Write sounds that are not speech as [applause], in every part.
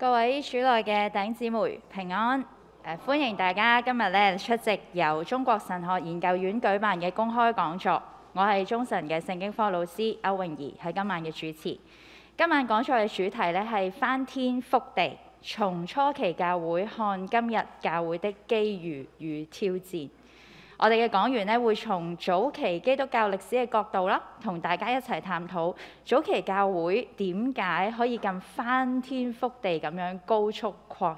各位主內嘅弟兄姊妹，平安！誒、啊，歡迎大家今日咧出席由中國神學研究院舉辦嘅公開講座。我係中神嘅聖經科老師歐穎儀，係今晚嘅主持。今晚講座嘅主題咧係翻天覆地，從初期教會看今日教會的機遇與挑戰。我哋嘅講員咧會從早期基督教歷史嘅角度啦，同大家一齊探討早期教會點解可以咁翻天覆地咁樣高速擴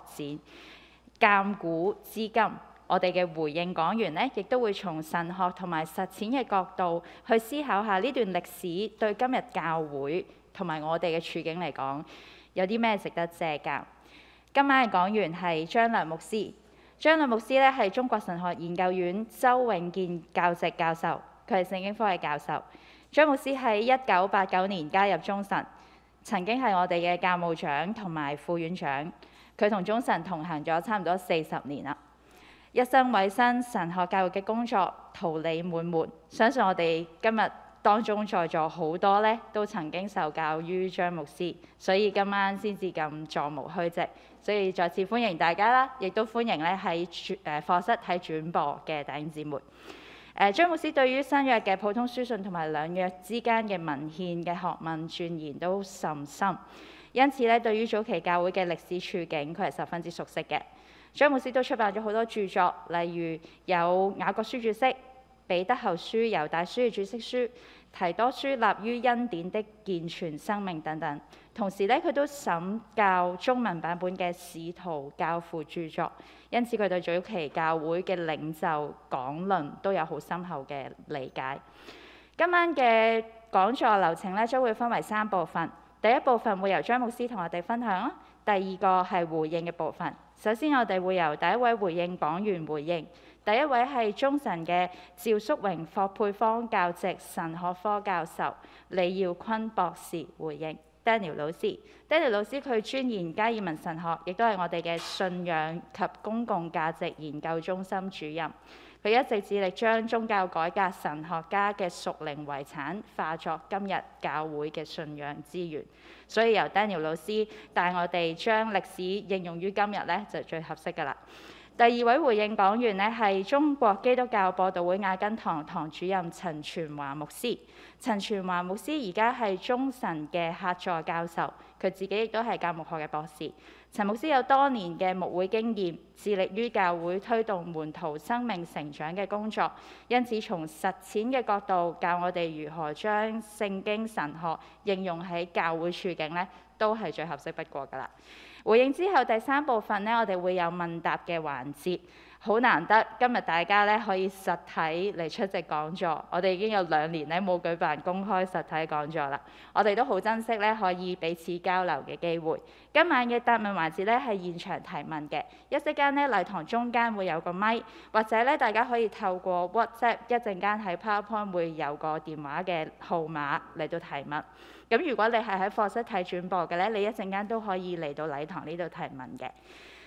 展，鑑古資今。我哋嘅回應講員咧，亦都會從神學同埋實踐嘅角度去思考下呢段歷史對今日教會同埋我哋嘅處境嚟講有啲咩值得借鑑。今晚嘅講員係張略牧師。張略牧師咧係中國神學研究院周永健教席教授，佢係聖經科嘅教授。張牧師喺一九八九年加入中神，曾經係我哋嘅教務長同埋副院長。佢同中神同行咗差唔多四十年啦，一生委身神學教育嘅工作，桃李滿門。相信我哋今日。當中在座好多咧，都曾經受教於張牧師，所以今晚先至咁座無虛席，所以再次歡迎大家啦，亦都歡迎咧喺誒課室睇轉播嘅弟兄姊妹。誒張牧師對於新約嘅普通書信同埋兩約之間嘅文獻嘅學問鑽研都甚深，深，因此咧對於早期教會嘅歷史處境，佢係十分之熟悉嘅。張牧師都出版咗好多著作，例如有國《雅各書注釋》。彼得後書、猶大書與註釋書，提多書立於恩典的健全生命等等。同時咧，佢都審教中文版本嘅使徒教父著作，因此佢對早期教會嘅領袖講論都有好深厚嘅理解。今晚嘅講座流程咧，將會分為三部分。第一部分會由張牧師同我哋分享。第二個係回應嘅部分。首先，我哋會由第一位回應講員回應。第一位係中神嘅趙淑榮霍佩芳教席神學科教授李耀坤博士，回應 Daniel 老師。Daniel 老師佢專研加爾文神學，亦都係我哋嘅信仰及公共價值研究中心主任。佢一直致力將宗教改革神學家嘅屬靈遺產化作今日教會嘅信仰資源，所以由 Daniel 老師帶我哋將歷史應用於今日咧，就最合適㗎啦。第二位回應講員咧係中國基督教播道會亞根堂堂主任陳全華牧師。陳全華牧師而家係中神嘅客座教授，佢自己亦都係教牧學嘅博士。陳牧師有多年嘅牧會經驗，致力於教會推動門徒生命成長嘅工作，因此從實踐嘅角度教我哋如何將聖經神學應用喺教會處境，呢都係最合適不過㗎喇。回應之後，第三部分呢，我哋會有問答嘅環節。好難得，今日大家咧可以實體嚟出席講座。我哋已經有兩年咧冇舉辦公開實體講座啦。我哋都好珍惜咧可以彼此交流嘅機會。今晚嘅答問環節咧係現場提問嘅。一息間呢，禮堂中間會有個麥，或者咧大家可以透過 WhatsApp，一陣間喺 PowerPoint 會有個電話嘅號碼嚟到提問。咁如果你係喺課室睇轉播嘅咧，你一陣間都可以嚟到禮堂呢度提問嘅。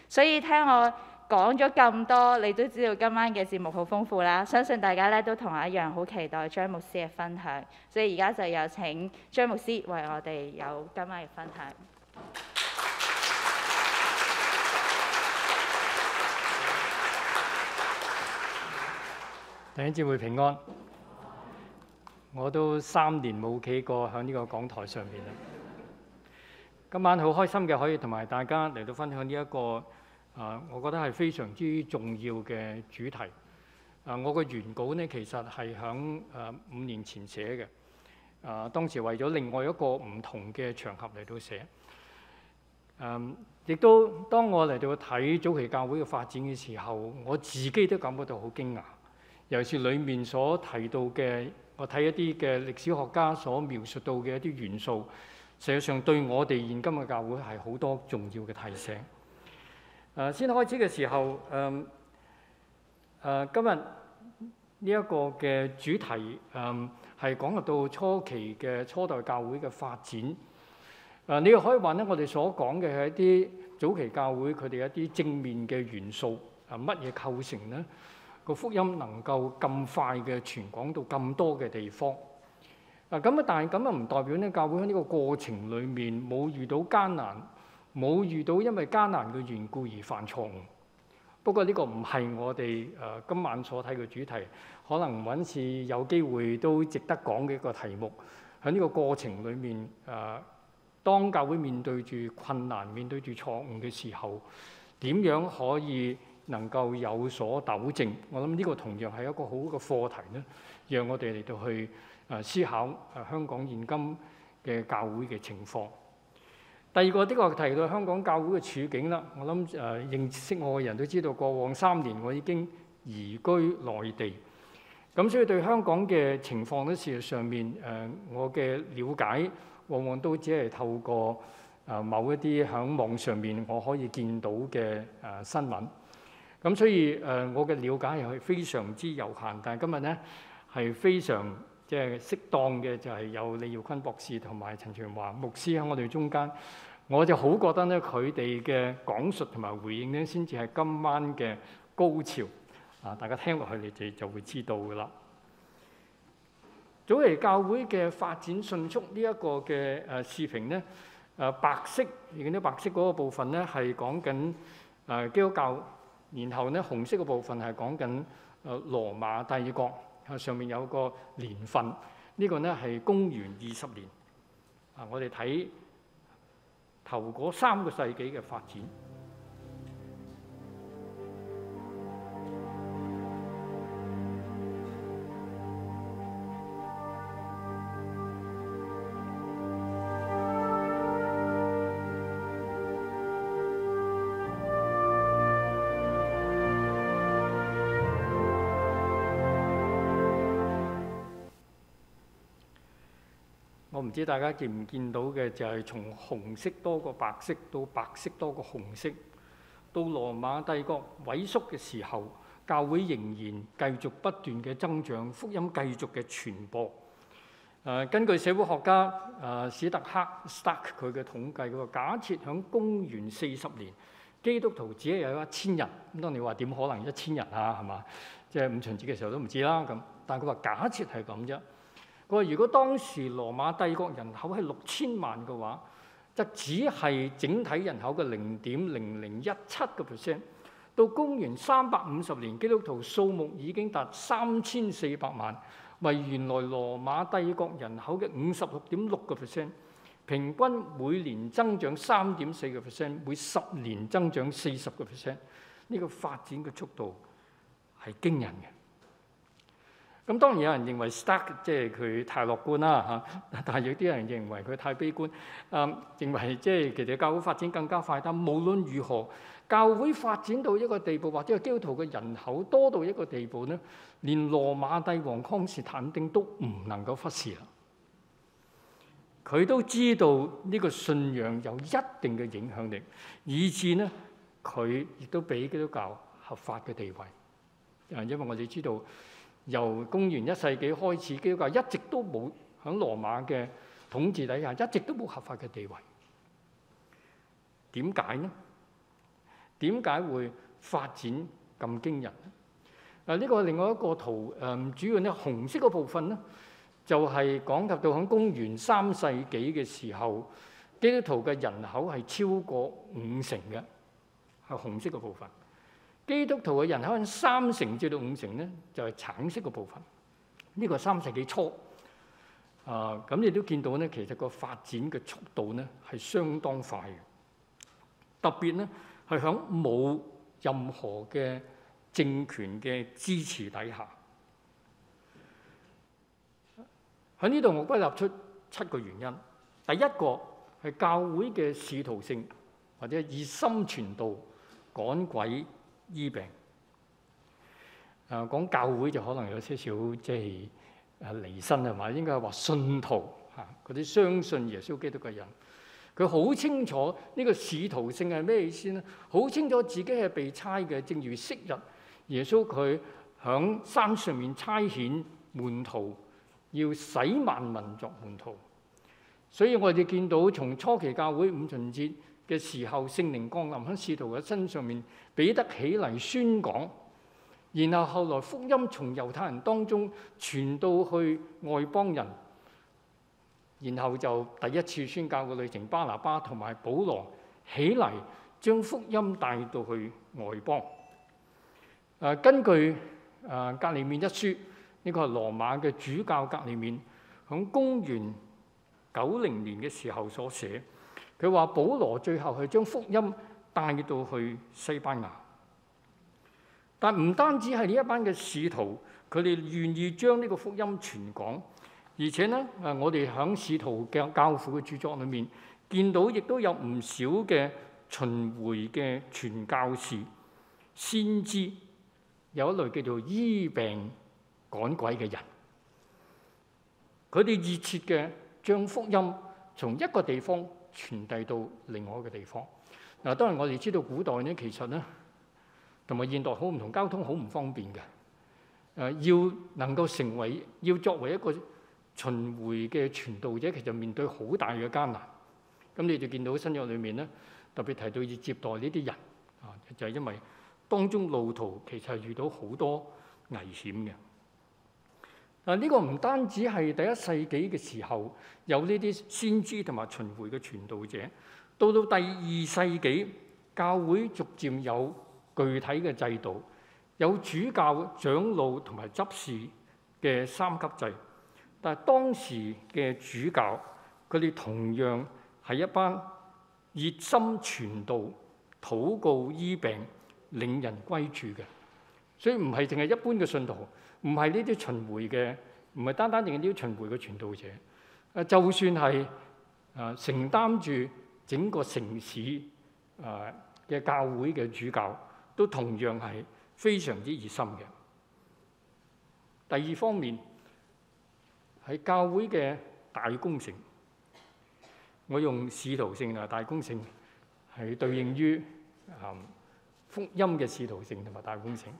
所以聽我講咗咁多，你都知道今晚嘅節目好豐富啦。相信大家咧都同我一樣好期待張牧師嘅分享。所以而家就有請張牧師為我哋有今晚嘅分享。第一節會平安。我都三年冇企過喺呢個講台上面啦。今晚好開心嘅，可以同埋大家嚟到分享呢一個啊，我覺得係非常之重要嘅主題。啊，我個原稿呢，其實係響誒五年前寫嘅。啊，當時為咗另外一個唔同嘅場合嚟到寫。嗯，亦都當我嚟到睇早期教會嘅發展嘅時候，我自己都感覺到好驚訝，尤其是裡面所提到嘅。我睇一啲嘅歷史學家所描述到嘅一啲元素，實際上對我哋現今嘅教會係好多重要嘅提醒。誒，先開始嘅時候，誒、嗯、誒、嗯，今日呢一個嘅主題，誒、嗯，係講入到初期嘅初代教會嘅發展。誒，你又可以話咧，我哋所講嘅係一啲早期教會佢哋一啲正面嘅元素，啊，乜嘢構成咧？個福音能夠咁快嘅傳講到咁多嘅地方，咁啊，但係咁啊唔代表咧，教會喺呢個過程裡面冇遇到艱難，冇遇到因為艱難嘅緣故而犯錯誤。不過呢個唔係我哋誒、啊、今晚所睇嘅主題，可能搵次有機會都值得講嘅一個題目。喺呢個過程裡面誒、啊，當教會面對住困難、面對住錯誤嘅時候，點樣可以能夠有所糾正，我諗呢個同樣係一個好嘅課題呢，讓我哋嚟到去誒思考誒香港現今嘅教會嘅情況。第二個呢、呢個提到香港教會嘅處境啦，我諗誒認識我嘅人都知道，過往三年我已經移居內地，咁所以對香港嘅情況呢，事實上面誒我嘅了解往往都只係透過誒某一啲喺網上面我可以見到嘅誒新聞。咁所以誒，我嘅瞭解又係非常之有限，但係今日咧係非常即係適當嘅，就係有李耀坤博士同埋陳全華牧師喺我哋中間。我就好覺得咧，佢哋嘅講述同埋回應咧，先至係今晚嘅高潮啊！大家聽落去，你哋就會知道㗎啦。早期教會嘅發展迅速呢一個嘅誒視頻咧，誒白色，而見到白色嗰個部分咧係講緊誒基督教。然後呢，紅色嘅部分係講緊誒羅馬帝國，啊上面有個年份，呢、呢個呢係公元二十年。啊，我哋睇頭嗰三個世紀嘅發展。唔知大家見唔見到嘅就係、是、從紅色多過白色到白色多過紅色，到羅馬帝國萎縮嘅時候，教會仍然繼續不斷嘅增長，福音繼續嘅傳播、呃。根據社會學家、呃、史特克 Stark 佢嘅統計，佢話假設響公元四十年，基督徒只係有一千人。咁當你話點可能一千人啊？係嘛？即、就、係、是、五旬節嘅時候都唔知啦。咁，但係佢話假設係咁啫。佢話如果當時羅馬帝國人口係六千萬嘅話，就只係整體人口嘅零點零零一七個 percent。到公元三百五十年，基督徒數目已經達三千四百萬，為原來羅馬帝國人口嘅五十六點六個 percent。平均每年增長三點四個 percent，每十年增長四十個 percent。呢個發展嘅速度係驚人嘅。咁當然有人認為 Stark 即係佢太樂觀啦嚇，但係有啲人認為佢太悲觀，誒、嗯、認為即係其實教會發展更加快，但無論如何，教會發展到一個地步，或者係基督徒嘅人口多到一個地步咧，連羅馬帝王康士坦丁都唔能夠忽視啊！佢都知道呢個信仰有一定嘅影響力，以致咧佢亦都俾基督教合法嘅地位。誒，因為我哋知道。由公元一世紀開始，基督教一直都冇喺羅馬嘅統治底下，一直都冇合法嘅地位。點解呢？點解會發展咁驚人呢？嗱，呢個係另外一個圖誒，主要呢紅色嘅部分呢，就係講及到喺公元三世紀嘅時候，基督徒嘅人口係超過五成嘅，係紅色嘅部分。基督徒嘅人口喺三成至到五成咧，就係、是、橙色嘅部分。呢、這個三世紀初啊，咁你都見到咧，其實個發展嘅速度咧係相當快嘅，特別咧係響冇任何嘅政權嘅支持底下。喺呢度我歸納出七個原因。第一個係教會嘅使徒性，或者以心傳道趕鬼。醫病，啊、呃、講教會就可能有些少即係離、啊、身係嘛？應該係話信徒嚇，嗰、啊、啲相信耶穌基督嘅人，佢好清楚呢個使徒性係咩意思咧？好清楚自己係被差嘅，正如昔日耶穌佢響山上面差遣門徒，要洗萬民作門徒。所以我哋見到從初期教會五旬節。嘅時候，聖靈降臨喺使徒嘅身上面，彼得起嚟宣講。然後後來福音從猶太人當中傳到去外邦人，然後就第一次宣教嘅旅程，巴拿巴同埋保羅起嚟將福音帶到去外邦。啊、根據誒格利免一書，呢、這個係羅馬嘅主教格利免喺公元九零年嘅時候所寫。佢話保羅最後係將福音帶到去西班牙，但唔單止係呢一班嘅使徒，佢哋願意將呢個福音傳講，而且咧誒，我哋喺使徒嘅教父嘅著作裏面見到，亦都有唔少嘅巡迴嘅傳教士，先知有一類叫做醫病趕鬼嘅人，佢哋熱切嘅將福音從一個地方，傳遞到另外一個地方。嗱，當然我哋知道古代咧，其實咧同埋現代好唔同，交通好唔方便嘅。誒、呃，要能夠成為要作為一個巡迴嘅傳道者，其實面對好大嘅艱難。咁你就見到《新約》裏面咧，特別提到要接待呢啲人啊，就係、是、因為當中路途其實係遇到好多危險嘅。啊！呢個唔單止係第一世紀嘅時候有呢啲先知同埋巡迴嘅傳道者，到到第二世紀教會逐漸有具體嘅制度，有主教、長老同埋執事嘅三級制。但係當時嘅主教，佢哋同樣係一班熱心傳道、禱告醫病、令人歸主嘅，所以唔係淨係一般嘅信徒。唔係呢啲巡回嘅，唔係單單淨係呢啲巡回嘅傳道者。誒，就算係誒承擔住整個城市誒嘅教會嘅主教，都同樣係非常之熱心嘅。第二方面，喺教會嘅大公性，我用使徒性同埋大公性係對應於誒福音嘅使徒性同埋大公性。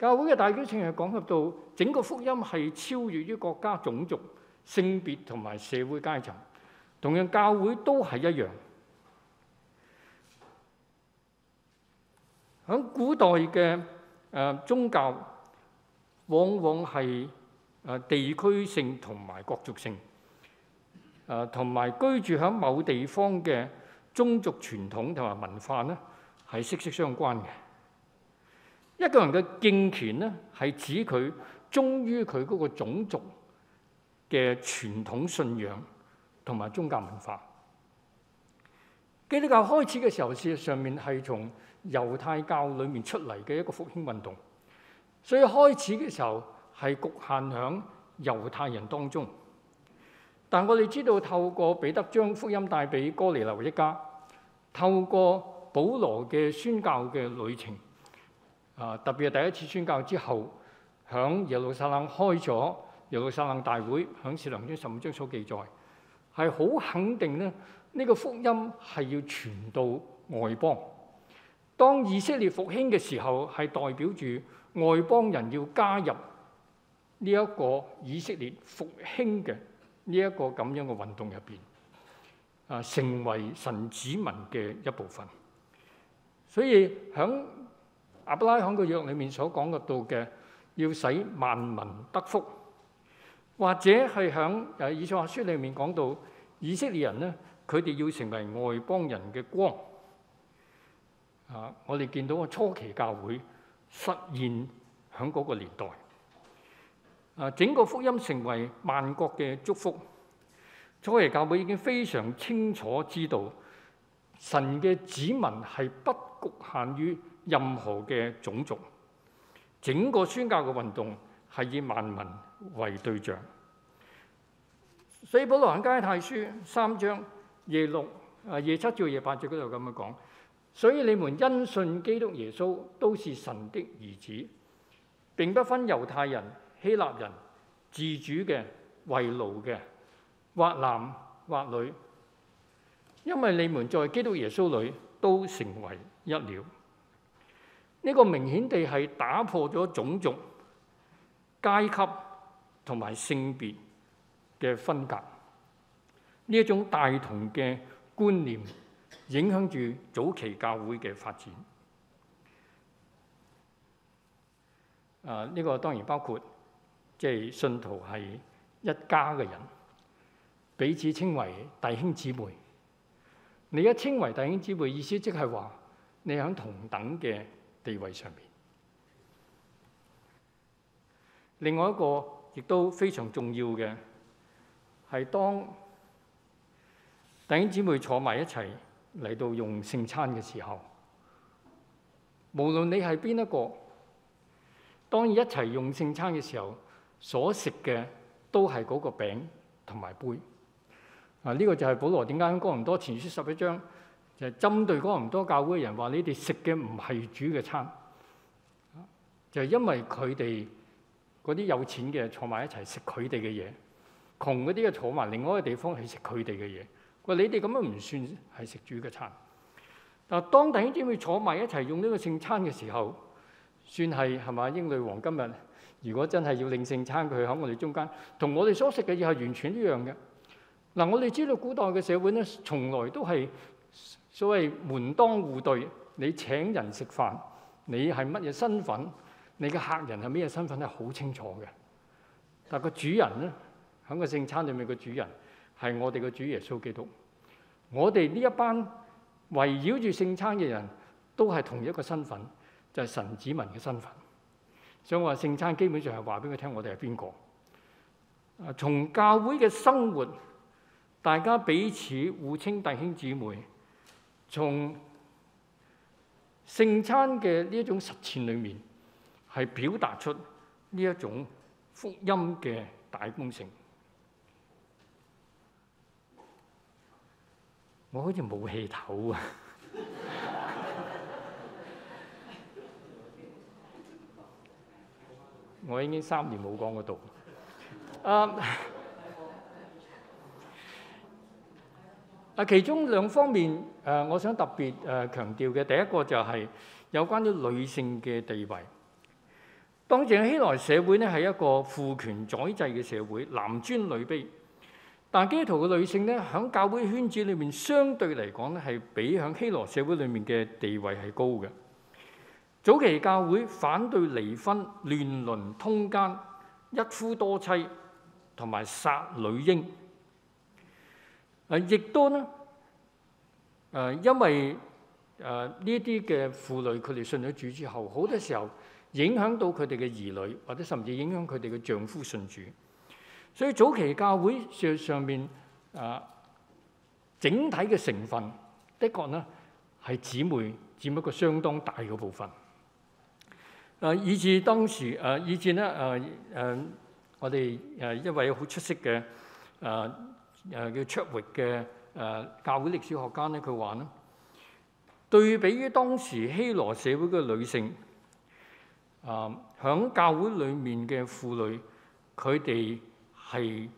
教會嘅大標程係講入到整個福音係超越於國家、種族、性別同埋社會階層，同樣教會都係一樣。喺古代嘅誒宗教，往往係誒地區性同埋國族性，誒同埋居住喺某地方嘅宗族傳統同埋文化咧，係息息相關嘅。一個人嘅敬虔咧，係指佢忠於佢嗰個種族嘅傳統信仰同埋宗教文化。基督教開始嘅時候，事實上面係從猶太教裡面出嚟嘅一個復興運動，所以開始嘅時候係局限喺猶太人當中。但我哋知道，透過彼得將福音帶俾哥尼流一家，透過保羅嘅宣教嘅旅程。啊！特別係第一次宣教之後，喺耶路撒冷開咗耶路撒冷大會，喺《使徒行傳》十五章所記載，係好肯定咧。呢個福音係要傳到外邦。當以色列復興嘅時候，係代表住外邦人要加入呢一個以色列復興嘅呢一個咁樣嘅運動入邊，啊，成為神子民嘅一部分。所以喺亞伯拉罕個約裡面所講嘅到嘅，要使萬民得福，或者係喺誒《以賽亞書》裡面講到，以色列人咧，佢哋要成為外邦人嘅光。啊！我哋見到個初期教會實現喺嗰個年代，啊，整個福音成為萬國嘅祝福。初期教會已經非常清楚知道，神嘅子民係不局限於任何嘅種族，整個宣教嘅運動係以萬民為對象。所以保羅加拉太書三章廿六啊廿七至廿八節嗰度咁樣講，所以你們因信基督耶穌都是神的兒子，並不分猶太人、希臘人、自主嘅、為奴嘅、或男或女，因為你們在基督耶穌裏都成為一了。呢個明顯地係打破咗種族、階級同埋性別嘅分隔，呢一種大同嘅觀念，影響住早期教會嘅發展。啊，呢、呢個當然包括即係、即係、信徒係一家嘅人，彼此稱為弟兄姊妹。你一稱為弟兄姊妹，意思即係話你係喺同等嘅。地位上邊？另外一個亦都非常重要嘅係當弟兄姊妹坐埋一齊嚟到用聖餐嘅時候，無論你係邊一個，當然一齊用聖餐嘅時候所食嘅都係嗰個餅同埋杯。啊！呢個就係保羅點解哥林多前書十一章。就係針對嗰唔多教會嘅人話：你哋食嘅唔係主嘅餐，就係、是、因為佢哋嗰啲有錢嘅坐埋一齊食佢哋嘅嘢，窮嗰啲嘅坐埋另外一個地方去食佢哋嘅嘢。喂，你哋咁樣唔算係食主嘅餐。但係當弟兄姊妹坐埋一齊用呢個聖餐嘅時候，算係係咪？英女王今日如果真係要領聖餐，佢喺我哋中間，同我哋所食嘅嘢係完全一樣嘅。嗱，我哋知道古代嘅社會咧，從來都係。所謂門當戶對，你請人食飯，你係乜嘢身份？你嘅客人係咩嘢身份咧？係好清楚嘅。但個主人咧，喺個聖餐裏面嘅主人係我哋嘅主耶穌基督。我哋呢一班圍繞住聖餐嘅人都係同一個身份，就係神子民嘅身份。所以我話聖餐基本上係話俾佢聽我，我哋係邊個啊？從教會嘅生活，大家彼此互稱弟兄姊妹。從聖餐嘅呢一種實踐裏面，係表達出呢一種福音嘅大工程。我好似冇氣頭啊！ [laughs] 我已經三年冇講嗰度。啊、uh,！其中兩方面，誒、呃，我想特別誒強調嘅，呃、第一個就係有關於女性嘅地位。當正希羅社會咧係一個父權宰制嘅社會，男尊女卑。但基督徒嘅女性呢，喺教會圈子裏面，相對嚟講咧，係比喺希羅社會裏面嘅地位係高嘅。早期教會反對離婚、亂倫、通奸、一夫多妻同埋殺女嬰。誒亦多咧，誒、呃、因為誒呢啲嘅婦女佢哋信咗主之後，好多時候影響到佢哋嘅兒女，或者甚至影響佢哋嘅丈夫信主。所以早期教會上上面誒整體嘅成分，的確呢，係姊妹佔一個相當大嘅部分。誒、呃、以至當時誒、呃、以至呢，誒、呃、誒、呃、我哋誒、呃、一位好出色嘅誒。呃誒叫出域嘅誒、呃、教會歷史學家咧，佢話咧，對比於當時希羅社會嘅女性，誒、呃、響教會裏面嘅婦女，佢哋係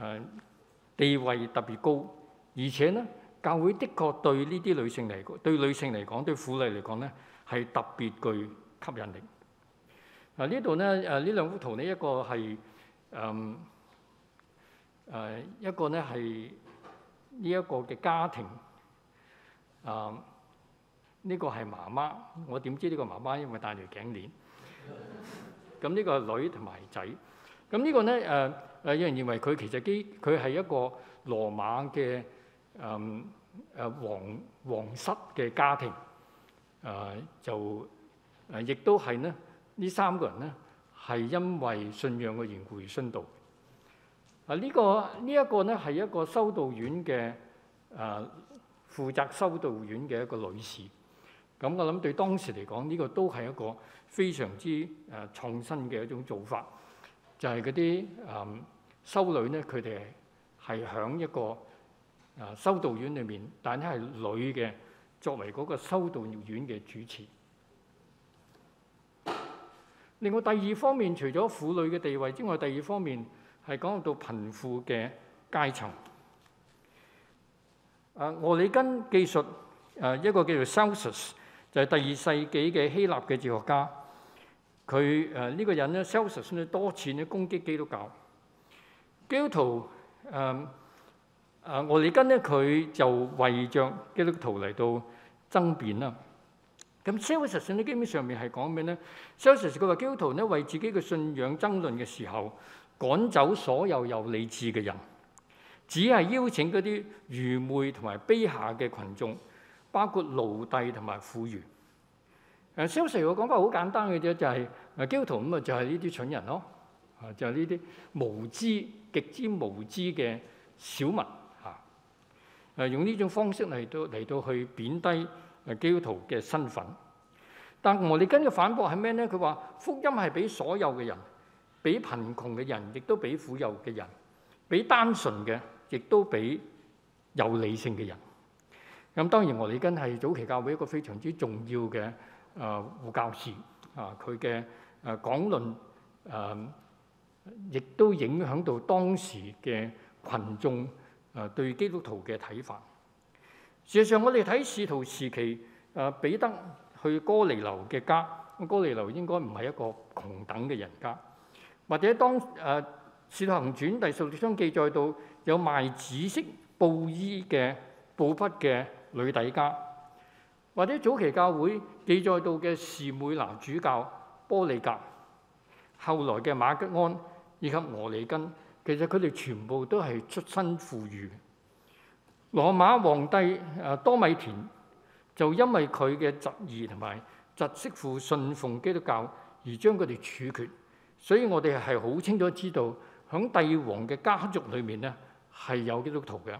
誒地位特別高，而且呢，教會的確對呢啲女性嚟，對女性嚟講，對婦女嚟講咧，係特別具吸引力。嗱、呃、呢度咧，誒呢兩幅圖呢，一個係誒。呃誒一個咧係呢一個嘅家庭，啊呢個係媽媽，我點知呢個媽媽因為戴住頸鏈，咁呢個女同埋仔，咁呢個咧誒誒有人認為佢其實基佢係一個羅馬嘅誒誒皇皇室嘅家庭，誒就誒亦都係咧呢三個人咧係因為信仰嘅緣故而殉道。啊！呢個呢一個呢係一個修道院嘅啊，呃、負責修道院嘅一個女士。咁我諗對當時嚟講，呢個都係一個非常之誒創新嘅一種做法，就係嗰啲誒修女呢，佢哋係喺一個啊修道院裏面，但係係女嘅作為嗰個修道院嘅主持。另外第二方面，除咗婦女嘅地位之外，第二方面。係講到貧富嘅階層。誒，俄里根技術誒一個叫做 Celsus，就係第二世紀嘅希臘嘅哲學家。佢誒呢個人咧，Celsus 咧多次咧攻擊基督教。基督徒誒誒俄里根咧，佢就為著基督徒嚟到爭辯啦。咁 Celsus 咧基本上面係講咩咧？Celsus 佢話基督徒咧為自己嘅信仰爭論嘅時候，趕走所有有理智嘅人，只係邀請嗰啲愚昧同埋卑下嘅群眾，包括奴隸同埋富裕。誒，撒都士嘅講法好簡單嘅啫，就係、是、誒基督徒咁啊，就係呢啲蠢人咯，啊，就係呢啲無知、極之無知嘅小民嚇。誒、啊，用呢種方式嚟到嚟到去貶低誒基督徒嘅身份。但奧利根嘅反駁係咩咧？佢話福音係俾所有嘅人。俾貧窮嘅人，亦都俾富有嘅人；俾單純嘅，亦都俾有理性嘅人。咁當然，俄利根係早期教會一個非常之重要嘅啊護教士啊，佢嘅啊講論啊，亦都影響到當時嘅群眾啊、呃、對基督徒嘅睇法。事實上，我哋睇使徒時期啊，彼、呃、得去哥尼流嘅家，咁哥尼流應該唔係一個窮等嘅人家。或者當誒、啊《使徒行傳》第十六章記載到有賣紫色布衣嘅布匹嘅女底家，或者早期教會記載到嘅士每拿主教波利格，後來嘅馬吉安以及俄里根，其實佢哋全部都係出身富裕。羅馬皇帝誒多米田就因為佢嘅侄兒同埋侄媳婦信奉基督教而將佢哋處決。所以我哋係好清楚知道，喺帝王嘅家族裏面咧係有基督徒嘅。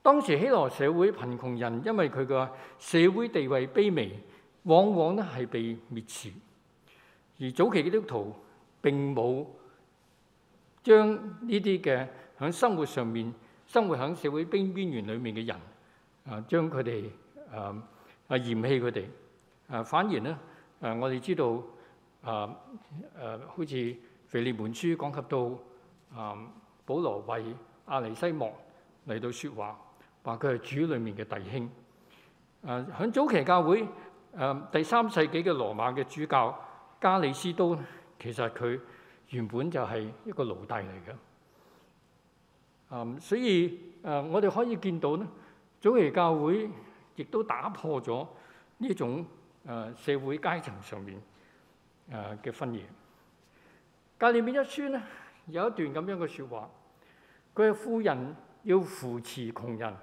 當時希羅社會貧窮人，因為佢嘅社會地位卑微，往往咧係被滅除。而早期基督徒並冇將呢啲嘅喺生活上面、生活喺社會邊邊緣裏面嘅人啊，將佢哋啊啊嫌棄佢哋啊，反而咧啊，我哋知道。啊！誒、啊，好似腓利門書講及到啊，保羅為阿尼西莫嚟到説話，話佢係主裏面嘅弟兄。誒、啊，喺早期教會誒、啊，第三世紀嘅羅馬嘅主教加里斯都，其實佢原本就係一個奴隸嚟嘅。嗯、啊，所以誒、啊，我哋可以見到咧，早期教會亦都打破咗呢種誒、啊、社會階層上面。誒嘅婚宴，教會裏面一書有一段咁樣嘅説話，佢係富人要扶持窮人，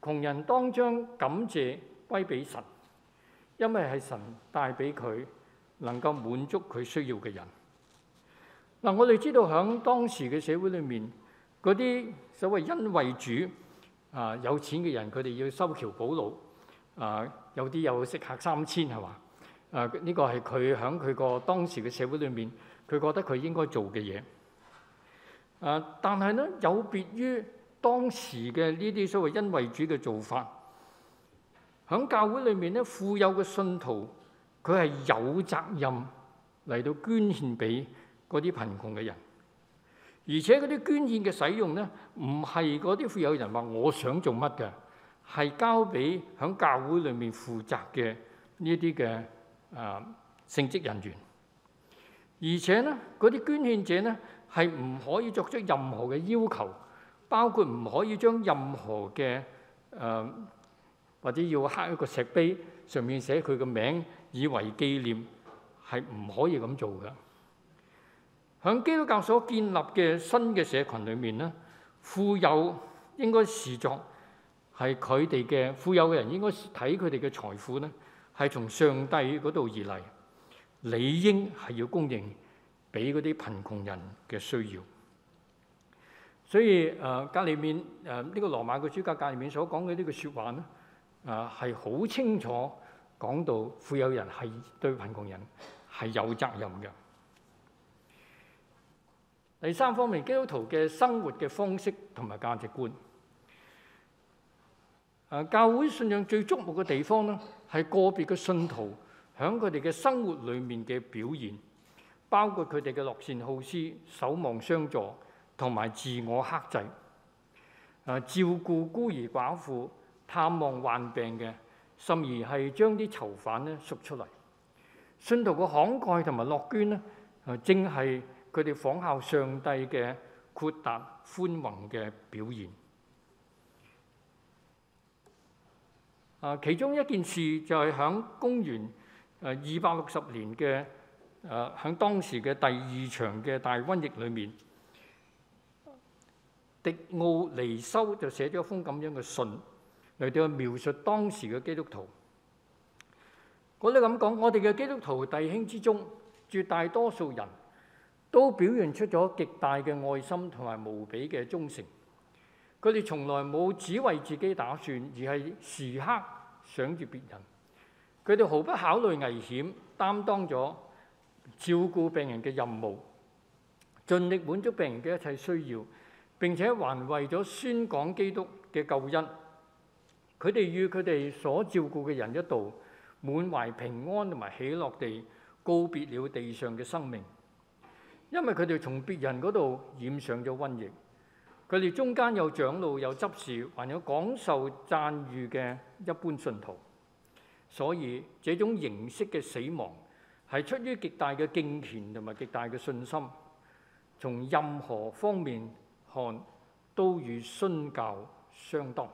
窮人當將感謝歸俾神，因為係神帶俾佢能夠滿足佢需要嘅人。嗱、啊，我哋知道喺當時嘅社會裏面，嗰啲所謂恩主啊，有錢嘅人，佢哋要修橋補路，啊，有啲有食客三千係嘛。啊！呢個係佢喺佢個當時嘅社會裏面，佢覺得佢應該做嘅嘢。啊！但係咧，有別於當時嘅呢啲所謂恩惠主嘅做法，喺教會裏面咧，富有嘅信徒佢係有責任嚟到捐獻俾嗰啲貧窮嘅人，而且嗰啲捐獻嘅使用咧，唔係嗰啲富有人話我想做乜嘅，係交俾喺教會裏面負責嘅呢啲嘅。啊，聖職人員，而且咧，嗰啲捐獻者咧，係唔可以作出任何嘅要求，包括唔可以將任何嘅誒、呃、或者要刻一個石碑上面寫佢嘅名以為紀念，係唔可以咁做嘅。響基督教所建立嘅新嘅社群裏面咧，富有應該視作係佢哋嘅，富有嘅人應該睇佢哋嘅財富咧。係從上帝嗰度而嚟，理應係要供應俾嗰啲貧窮人嘅需要。所以誒、呃，隔離面誒呢、呃這個羅馬嘅主教界裏面所講嘅呢句説話咧，啊，係好清楚講到富有人係對貧窮人係有責任嘅。第三方面，基督徒嘅生活嘅方式同埋價值觀，誒、呃、教會信仰最觸目嘅地方咧。係個別嘅信徒喺佢哋嘅生活裏面嘅表現，包括佢哋嘅樂善好施、守望相助同埋自我克制。啊，照顧孤兒寡婦、探望患病嘅，甚而係將啲囚犯咧贖出嚟。信徒嘅慷慨同埋樂捐咧，啊，正係佢哋仿效上帝嘅豁達寬宏嘅表現。啊，其中一件事就係喺公元誒，二百六十年嘅，誒，喺當時嘅第二場嘅大瘟疫裏面，狄奧尼修就寫咗一封咁樣嘅信嚟到描述當時嘅基督徒。我哋咁講，我哋嘅基督徒弟兄之中，絕大多數人都表現出咗極大嘅愛心同埋無比嘅忠誠。佢哋從來冇只為自己打算，而係時刻想住別人。佢哋毫不考慮危險，擔當咗照顧病人嘅任務，盡力滿足病人嘅一切需要。並且還為咗宣講基督嘅救恩，佢哋與佢哋所照顧嘅人一道，滿懷平安同埋喜樂地告別了地上嘅生命。因為佢哋從別人嗰度染上咗瘟疫。佢哋中間有長老，有執事，還有廣受讚譽嘅一般信徒，所以這種形式嘅死亡係出於極大嘅敬虔同埋極大嘅信心。從任何方面看，都與殉教相當。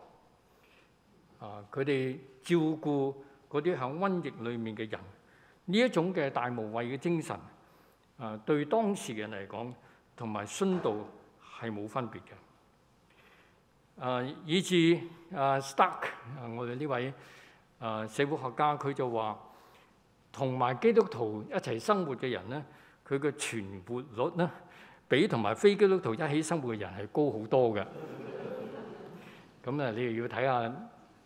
啊，佢哋照顧嗰啲喺瘟疫裡面嘅人，呢一種嘅大無畏嘅精神，啊，對當時人嚟講同埋殉道。係冇分別嘅。誒，以至誒 Stark，我哋呢位誒社會學家，佢就話，同埋基督徒一齊生活嘅人咧，佢嘅存活率咧，比同埋非基督徒一起生活嘅人係高好多嘅。咁啊，你就要睇下，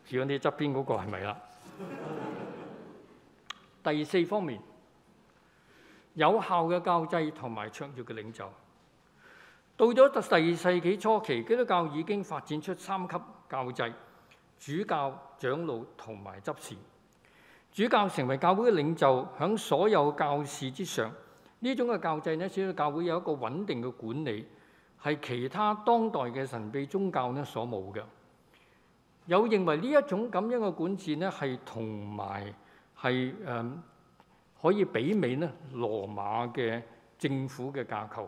試問你側邊嗰個係咪啦？第四方面，有效嘅教制同埋卓越嘅領袖。到咗第二世紀初期，基督教已經發展出三級教制：主教、長老同埋執事。主教成為教會嘅領袖，喺所有教士之上。呢種嘅教制呢，使到教會有一個穩定嘅管理，係其他當代嘅神秘宗教呢所冇嘅。有認為呢一種咁樣嘅管治呢，係同埋係誒可以媲美呢羅馬嘅政府嘅架構。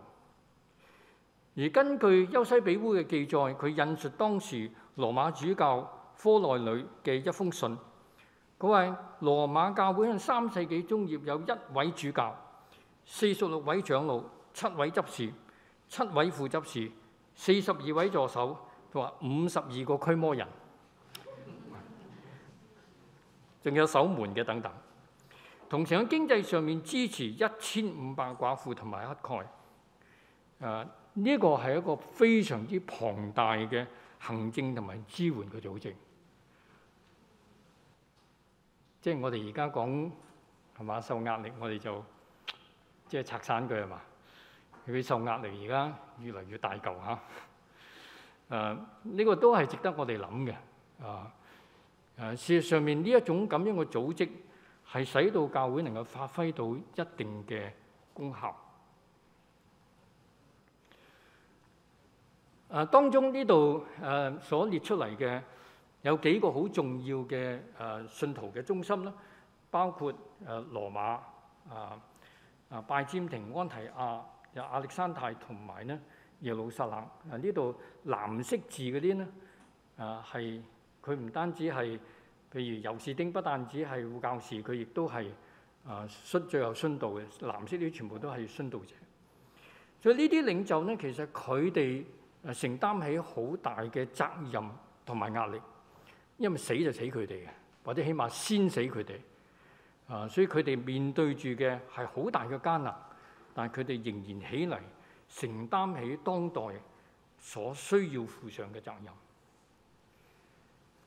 而根據優西比烏嘅記載，佢引述當時羅馬主教科內里嘅一封信。嗰位羅馬教會喺三世紀中葉有一位主教，四十六位長老、七位執事、七位副執事、四十二位助手，同埋五十二個驅魔人，仲有守門嘅等等。同時喺經濟上面支持一千五百寡婦同埋乞丐。誒、呃。呢一個係一個非常之龐大嘅行政同埋支援嘅組織，即係我哋而家講係嘛受壓力我，我哋就即係拆散佢係嘛。佢受壓力而家越嚟越大嚿嚇。誒、啊，呢、這個都係值得我哋諗嘅。誒、啊、誒，事實上面，呢一種咁樣嘅組織，係使到教會能夠發揮到一定嘅功效。啊，當中呢度誒所列出嚟嘅有幾個好重要嘅誒信徒嘅中心咧，包括誒羅馬啊，啊拜占庭、安提亞、又亞歷山大，同埋咧耶路撒冷。啊，呢度藍色字嗰啲咧啊，係佢唔單止係，譬如尤士丁不單止係護教士，佢亦都係啊最後殉道嘅。藍色呢啲全部都係殉道者。所以呢啲領袖咧，其實佢哋承擔起好大嘅責任同埋壓力，因為死就死佢哋嘅，或者起碼先死佢哋。啊，所以佢哋面對住嘅係好大嘅艱難，但係佢哋仍然起嚟承擔起當代所需要負上嘅責任。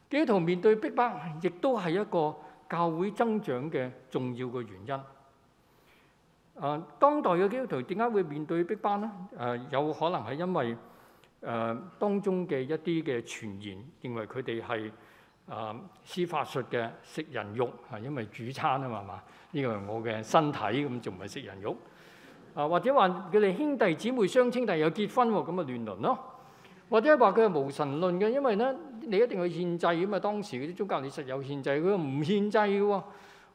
基督徒面對逼迫，亦都係一個教會增長嘅重要嘅原因。啊，當代嘅基督徒點解會面對逼迫咧？誒、啊，有可能係因為誒、呃、當中嘅一啲嘅傳言，認為佢哋係誒施法術嘅，食人肉係因為主餐啊嘛嘛，呢個係我嘅身體，咁仲唔係食人肉？啊、呃、或者話佢哋兄弟姊妹相稱，但係有結婚喎，咁啊亂倫咯？或者話佢係無神論嘅，因為咧你一定去獻祭嘅嘛，因為當時嗰啲宗教你實有獻祭，佢唔獻祭嘅喎，啊，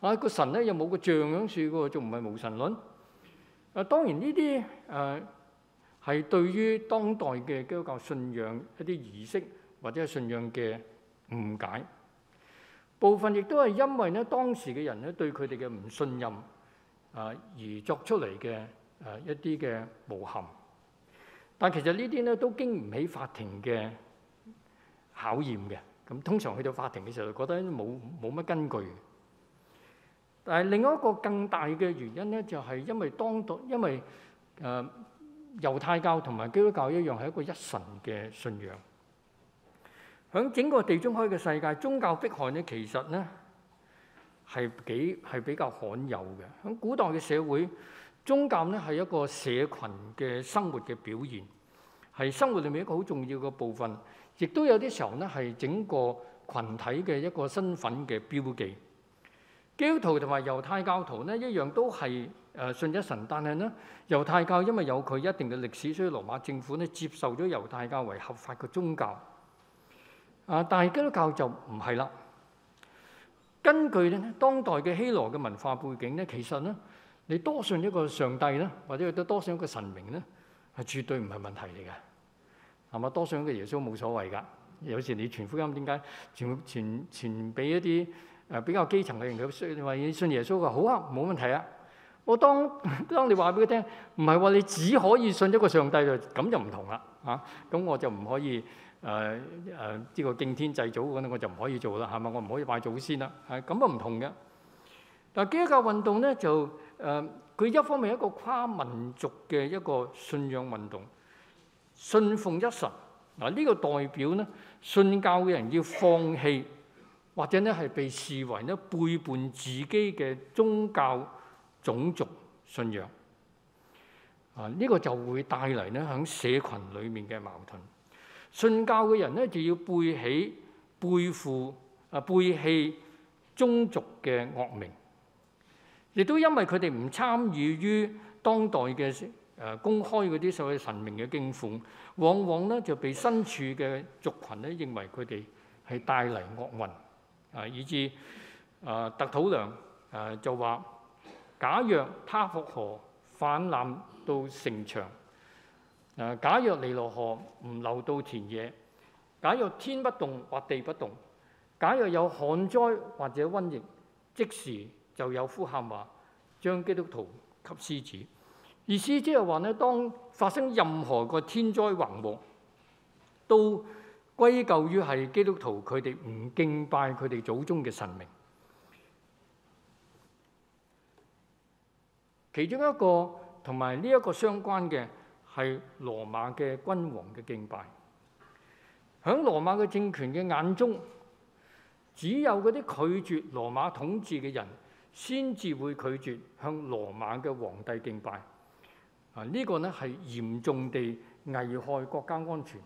啊神呢個神咧又冇個像樣處嘅喎，仲唔係無神論？啊、呃、當然呢啲誒。呃係對於當代嘅基督教信仰一啲儀式或者係信仰嘅誤解，部分亦都係因為咧當時嘅人咧對佢哋嘅唔信任啊而作出嚟嘅誒一啲嘅誣陷。但係其實呢啲咧都經唔起法庭嘅考驗嘅。咁通常去到法庭嘅時候，就覺得冇冇乜根據。但係另一個更大嘅原因咧，就係因為當代因為誒。猶太教同埋基督教一樣，係一個一神嘅信仰。響整個地中海嘅世界，宗教迫害咧，其實咧係幾係比較罕有嘅。響古代嘅社會，宗教咧係一個社群嘅生活嘅表現，係生活裡面一個好重要嘅部分。亦都有啲時候咧，係整個群體嘅一個身份嘅標記。基督徒同埋猶太教徒咧，一樣都係。誒信咗神，但係咧猶太教因為有佢一定嘅歷史，所以羅馬政府咧接受咗猶太教為合法嘅宗教。啊，但係基督教就唔係啦。根據咧當代嘅希羅嘅文化背景咧，其實咧你多信一個上帝咧，或者去多信一個神明咧，係絕對唔係問題嚟嘅。係咪多信一個耶穌冇所謂㗎？有時你傳福音點解傳傳傳俾一啲誒比較基層嘅人佢信話信耶穌嘅？好啊，冇問題啊！我當當你話俾佢聽，唔係話你只可以信一個上帝就咁就唔同啦嚇。咁、啊、我就唔可以誒誒，呢、呃呢個敬天祭祖，咁我就唔可以做啦，係嘛？我唔可以拜祖先啦，係咁啊，唔同嘅。但基督教運動咧就誒，佢、呃、一方面一個跨民族嘅一個信仰運動，信奉一神嗱，呢個代表咧，信教嘅人要放棄或者咧係被視為咧背叛自己嘅宗教。種族信仰啊，呢、這個就會帶嚟呢喺社群裡面嘅矛盾。信教嘅人呢，就要背起背負啊背棄宗族嘅惡名。亦都因為佢哋唔參與於當代嘅誒、呃、公開嗰啲所謂神明嘅敬奉，往往呢就被身處嘅族群呢認為佢哋係帶嚟惡運啊，以致啊特土良啊就話。假若他福河泛濫到城牆，啊！假若尼羅河唔流到田野，假若天不動或地不動，假若有旱災或者瘟疫，即時就有呼喊話將基督徒給獅子。意思即係話呢，當發生任何個天災橫禍，都歸咎於係基督徒佢哋唔敬拜佢哋祖宗嘅神明。其中一個同埋呢一個相關嘅係羅馬嘅君王嘅敬拜。喺羅馬嘅政權嘅眼中，只有嗰啲拒絕羅馬統治嘅人，先至會拒絕向羅馬嘅皇帝敬拜。啊，呢、呢個呢係嚴重地危害國家安全。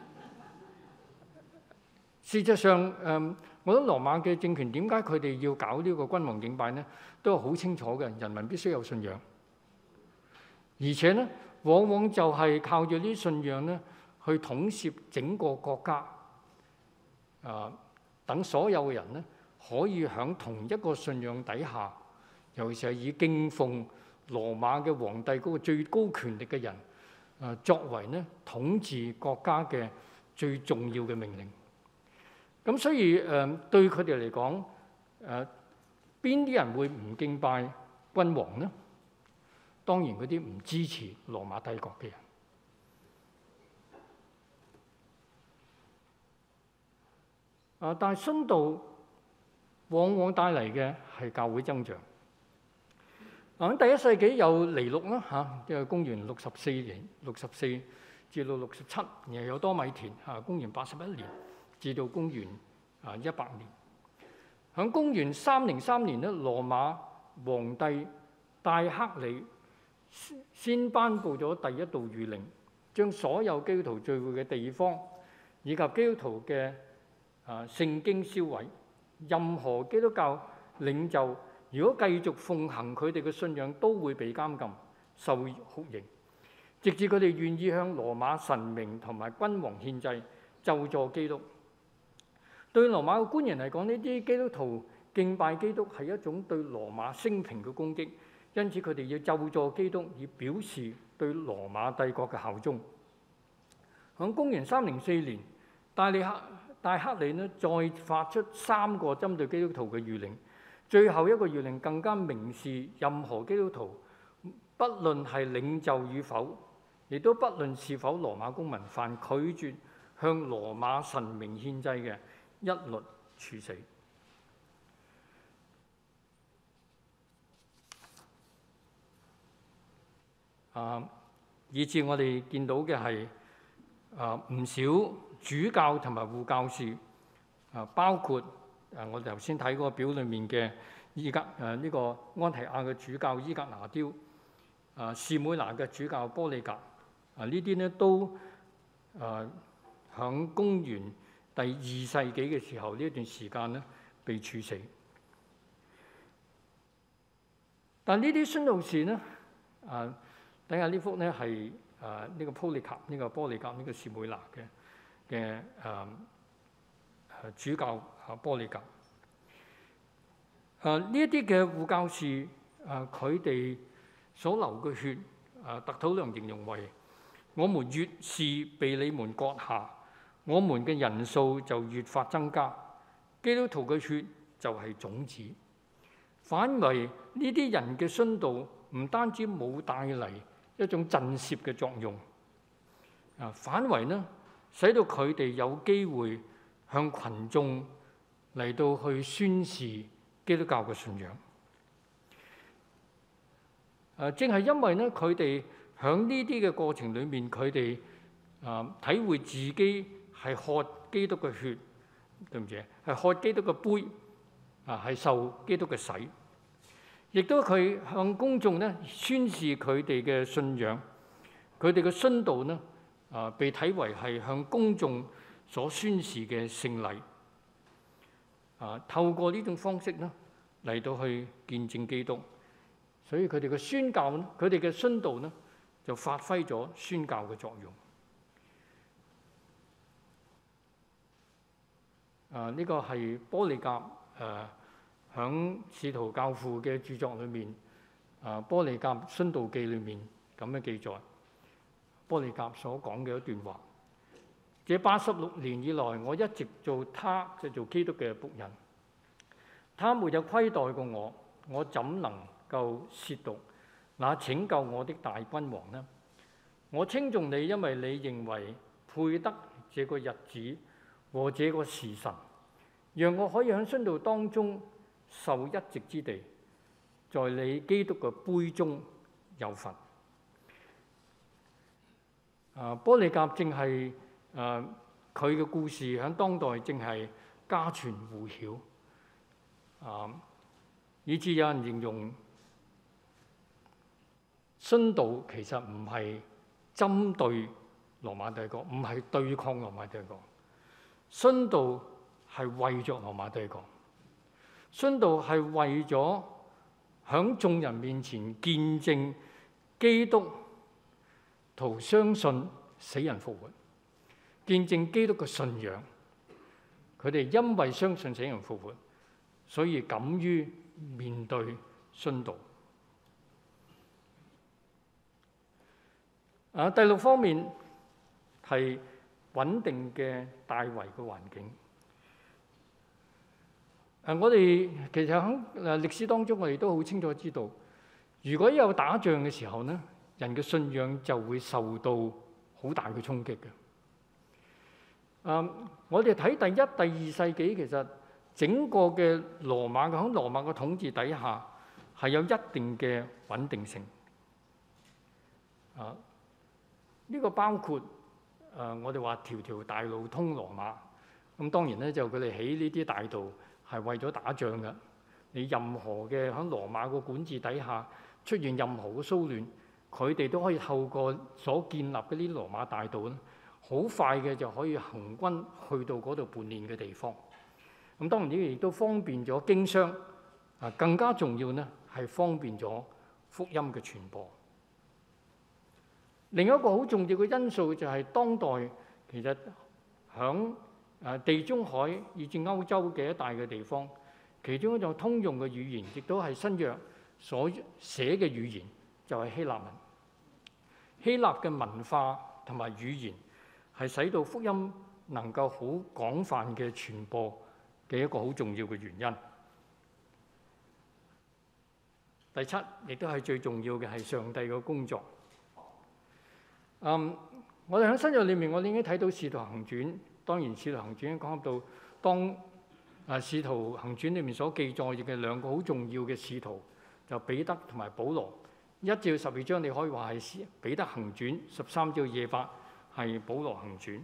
[laughs] 事實上，誒、嗯。我覺得羅馬嘅政權點解佢哋要搞呢個君王崇拜呢？都係好清楚嘅。人民必須有信仰，而且呢，往往就係靠住啲信仰呢去統攝整個國家。呃、等所有嘅人呢可以喺同一個信仰底下，尤其是係以敬奉羅馬嘅皇帝嗰個最高權力嘅人、呃、作為呢統治國家嘅最重要嘅命令。咁所以誒，對佢哋嚟講，誒邊啲人會唔敬拜君王呢？當然嗰啲唔支持羅馬帝國嘅人。啊，但係殉道往往帶嚟嘅係教會增長。嗱，喺第一世紀有尼祿啦嚇，即係公元六十四年、六十四至到六十七，然後有多米田嚇，公元八十一年。至到公元啊一百年，喺公元三零三年咧，羅馬皇帝戴克里先先頒布咗第一道御令，將所有基督徒聚會嘅地方以及基督徒嘅啊聖經銷毀。任何基督教領袖，如果繼續奉行佢哋嘅信仰，都會被監禁受酷刑，直至佢哋願意向羅馬神明同埋君王獻祭，就助基督。對羅馬嘅官員嚟講，呢啲基督徒敬拜基督係一種對羅馬升平嘅攻擊，因此佢哋要咒詛基督，以表示對羅馬帝國嘅效忠。響公元三零四年，戴利克戴克里呢，再發出三個針對基督徒嘅諭令，最後一個諭令更加明示，任何基督徒不論係領袖與否，亦都不論是否羅馬公民，凡拒絕向羅馬神明獻祭嘅。一律處死。啊、uh，以致我哋見到嘅係啊唔少主教同埋護教士啊，uh, 包括誒、uh, 我哋頭先睇嗰個表裡面嘅伊格誒呢、uh, 個安提亞嘅主教伊格拿雕啊，uh, 士妹拿嘅主教波利格啊，uh, 呢啲咧都啊響、uh, 公元第二世紀嘅時候，呢一段時間咧被處死。但呢啲殉道士咧，啊，等下幅呢幅咧係啊呢、呢個坡旅甲，呢個坡旅甲呢、呢個士每拿嘅嘅啊啊主教啊坡旅甲。啊呢一啲嘅護教士啊，佢哋所流嘅血啊，特土良形容為：我們越是被你們割下。我們嘅人數就越發增加，基督徒嘅血就係種子，反為呢啲人嘅殉道唔單止冇帶嚟一種震懾嘅作用，反為呢，使到佢哋有機會向群眾嚟到去宣示基督教嘅信仰。呃、正係因為呢，佢哋喺呢啲嘅過程裏面，佢哋啊體會自己。係喝基督嘅血，對唔住，係喝基督嘅杯，啊，係受基督嘅洗，亦都佢向公眾咧宣示佢哋嘅信仰，佢哋嘅殉道咧啊，被睇為係向公眾所宣示嘅聖禮，啊，透過呢種方式咧嚟到去見證基督，所以佢哋嘅宣教咧，佢哋嘅殉道咧就發揮咗宣教嘅作用。誒呢、啊這個係玻利甲誒喺《使、啊、徒教父》嘅著作裏面，誒波利迦《玻璃甲殉道記》裏面咁樣記載玻利甲所講嘅一段話。這八十六年以來，我一直做他就是、做基督嘅僕人，他沒有虧待過我，我怎能夠褻瀆，那拯救我的大君王呢？我稱重你，因為你認為配得這個日子，和這個時辰，讓我可以喺殉道當中受一席之地，在你基督嘅杯中有份，啊，玻利甲正係啊，佢嘅故事喺當代正係家傳戶曉啊，以至有人形容殉道其實唔係針對羅馬帝國，唔係對抗羅馬帝國。殉道係為著羅馬帝國，殉道係為咗喺眾人面前見證基督徒相信死人復活，見證基督嘅信仰。佢哋因為相信死人復活，所以敢於面對殉道。啊，第六方面係。穩定嘅大圍嘅環境。誒，我哋其實喺誒歷史當中，我哋都好清楚知道，如果有打仗嘅時候咧，人嘅信仰就會受到好大嘅衝擊嘅。誒，我哋睇第一、第二世紀，其實整個嘅羅馬喺羅馬嘅統治底下係有一定嘅穩定性。啊，呢個包括。誒，我哋話條條大路通羅馬，咁當然咧就佢哋起呢啲大道係為咗打仗㗎。你任何嘅喺羅馬個管治底下出現任何嘅騷亂，佢哋都可以透過所建立嘅呢啲羅馬大道咧，好快嘅就可以行軍去到嗰度叛亂嘅地方。咁當然亦都方便咗經商。啊，更加重要呢係方便咗福音嘅傳播。另一個好重要嘅因素就係當代其實響誒地中海以至歐洲嘅一帶嘅地方，其中一種通用嘅語言，亦都係新約所寫嘅語言，就係希臘文。希臘嘅文化同埋語言係使到福音能夠好廣泛嘅傳播嘅一個好重要嘅原因。第七，亦都係最重要嘅係上帝嘅工作。嗯，um, 我哋喺新約裏面，我哋已經睇到《使徒行傳》。當然，《使徒行傳》已經講到當《啊使徒行傳》裏面所記載嘅兩個好重要嘅使徒，就彼得同埋保羅。一至十二章，你可以話係使彼得行傳；十三至到廿八係保羅行傳。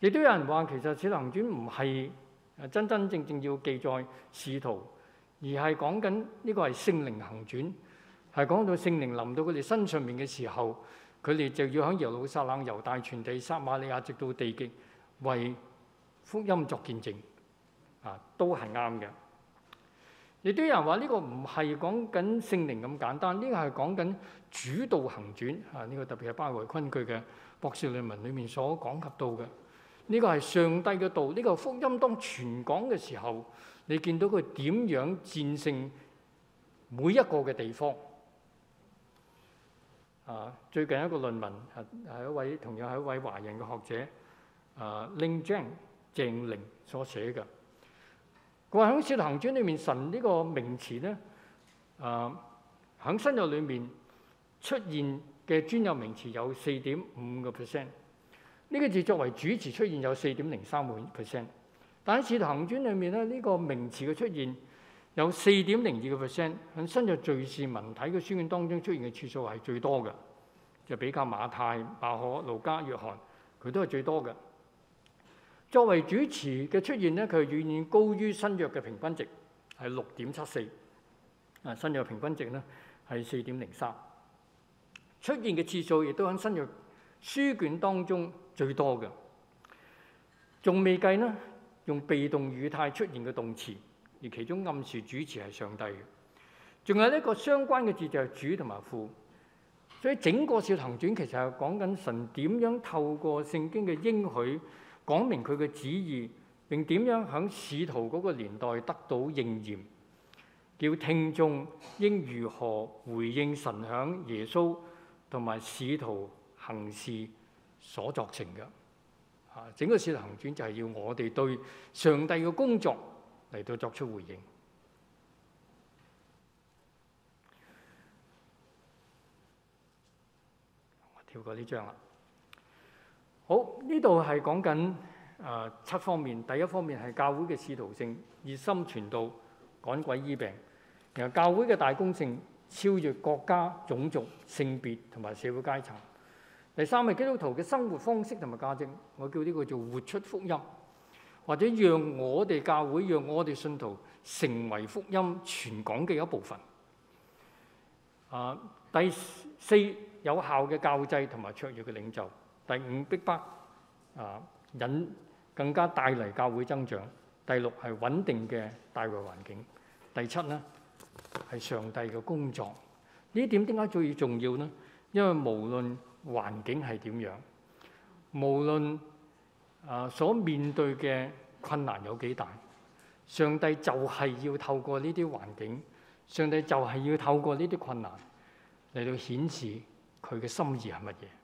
亦都有人話，其實《使徒行傳》唔係真真正正要記載使徒，而係講緊呢個係聖靈行傳，係講到聖靈臨到佢哋身上面嘅時候。佢哋就要喺耶路撒冷、猶大全地、撒瑪利亞直到地極，為福音作見證，啊，都係啱嘅。亦都有人話呢個唔係講緊聖靈咁簡單，呢個係講緊主道行轉啊！呢個特別係巴維昆佢嘅博士論文裏面所講及到嘅，呢個係上帝嘅道，呢個福音當傳講嘅時候，你見到佢點樣戰勝每一個嘅地方。啊，最近一個論文係係一位同樣係一位華人嘅學者啊，林江鄭玲所寫嘅。佢話喺《使徒行傳》裏面，神呢個名詞咧，啊，喺、啊啊、新約裏面出現嘅專有名詞有四點五個 percent。呢、這個字作為主詞出現有四點零三個 percent。但喺《使徒行傳》裏面咧，呢個名詞嘅出現，有四點零二個 percent 喺新約敘事文體嘅書卷當中出現嘅次數係最多嘅，就比較馬太、馬可、路加、約翰，佢都係最多嘅。作為主詞嘅出現咧，佢係遠遠高於新約嘅平均值，係六點七四。啊，新約平均值咧係四點零三，出現嘅次數亦都喺新約書卷當中最多嘅。仲未計呢，用被動語態出現嘅動詞。而其中暗示主持係上帝嘅，仲有一個相關嘅字就係主同埋父，所以整個《使徒行傳》其實係講緊神點樣透過聖經嘅應許講明佢嘅旨意，並點樣響使徒嗰個年代得到應驗，叫聽眾應如何回應神響耶穌同埋使徒行事所作成嘅。啊，整個《使徒行傳》就係要我哋對上帝嘅工作嚟到作出回應。我跳過呢張啦。好，呢度係講緊誒，七方面。第一方面係教會嘅使徒性，熱心傳道、趕鬼醫病。然後教會嘅大公性，超越國家、種族、性別同埋社會階層。第三係基督徒嘅生活方式同埋價值。我叫呢個叫做活出福音。或者讓我哋教會，讓我哋信徒成為福音傳講嘅一部分。啊，第四，有效嘅教制同埋卓越嘅領袖。第五，逼迫啊，引更加帶嚟教會增長。第六係穩定嘅大圍環境。第七咧係上帝嘅工作。呢點點解最重要呢？因為無論環境係點樣，無論啊！所面對嘅困難有幾大？上帝就係要透過呢啲環境，上帝就係要透過呢啲困難嚟到顯示佢嘅心意係乜嘢。